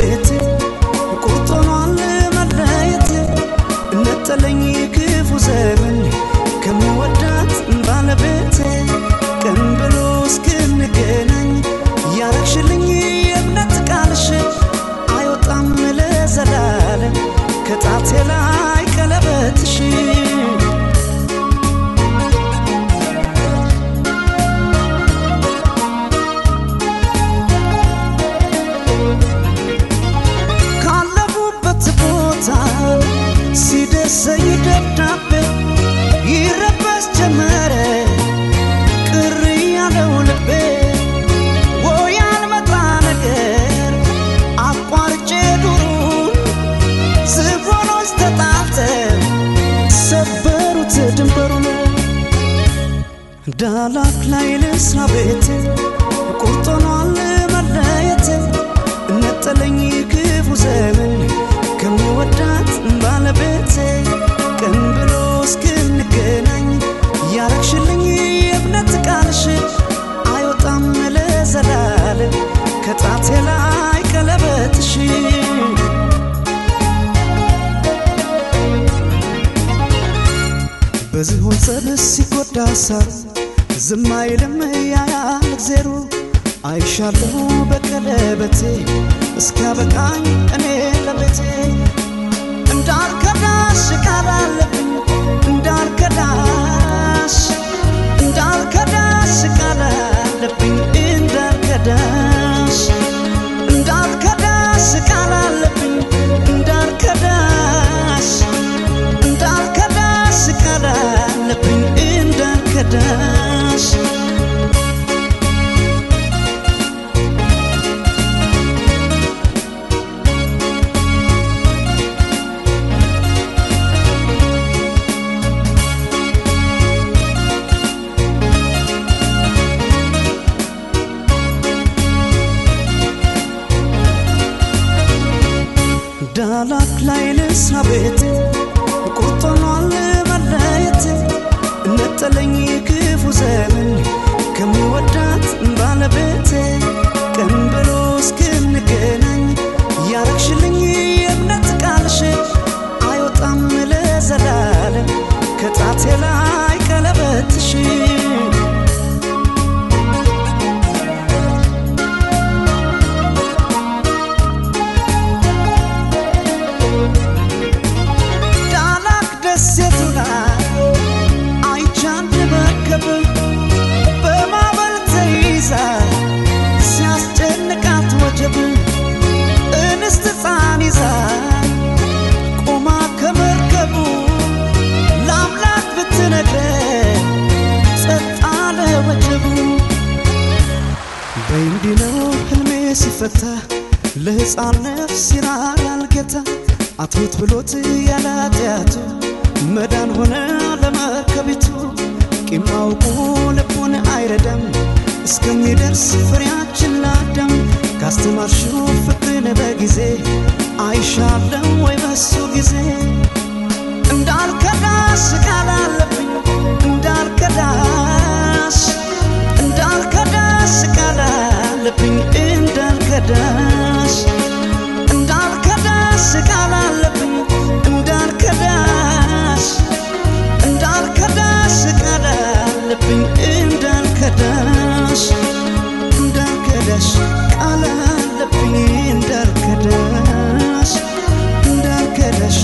ቤት ቁርጦኗን መለየት ነጠለኝ ክፉ ዘመን ከሚወዳት ባለቤት ዳላክ ላይ ልስራ ቤት ቁርጦኗል መለየት እነጠለኝ ክፉ ዘመን ከሚወዳት ባለቤት ቀን ብሎ እስክንገናኝ ያረግሽልኝ የእምነት ቃልሽ አይወጣም ለዘላለም ከጣቴ ላይ ቀለበትሽ በዝሆን ጸብስ ሲጎዳ ሳብ ዝም አይልም ያያ እግዜሩ አይሻለሁ በቀለበቴ እስኪያበቃኝ እኔ ለቤቴ እንዳልከዳሽ ቃል አለብኝ እንዳልከዳሽ እንዳልከዳሽ ቃል አለብኝ እንዳልከዳሽ እንዳልከዳሽ ቃል እንዳልከዳሽ እንዳልከዳሽ ቃል እንዳልከዳሽ ateş Dalak Leyli Sabit ዘመን ከምወዳት ባለቤቴ ቀን ብሎ እስክንገናኝ ያረግሽልኝ የእምነት ቃልሽ አይወጣም ለዘላለም ከጣቴ ላይ ሲፈታ ለሕፃን ነፍስ ይራራል ጌታ አትሁት ብሎት ያለ ኃጢአቱ መዳን ሆነ ለመርከቢቱ ቂም አውቆ ልቡን አይረዳም እስከሚደርስ ፍሬያችን ላዳም ካስተማርሽው ፍቅርን በጊዜ አይሻለም ወይ በሱ እንዳልከዳሽ እንዳልከዳሽ ቃል አለብኝ እንዳልከዳሽ እንዳልከዳሽ ቃል አለብኝ እንዳልከዳሽ እንዳልከዳሽ ቃል አለብኝ እንዳልከዳሽ እንዳልከዳሽ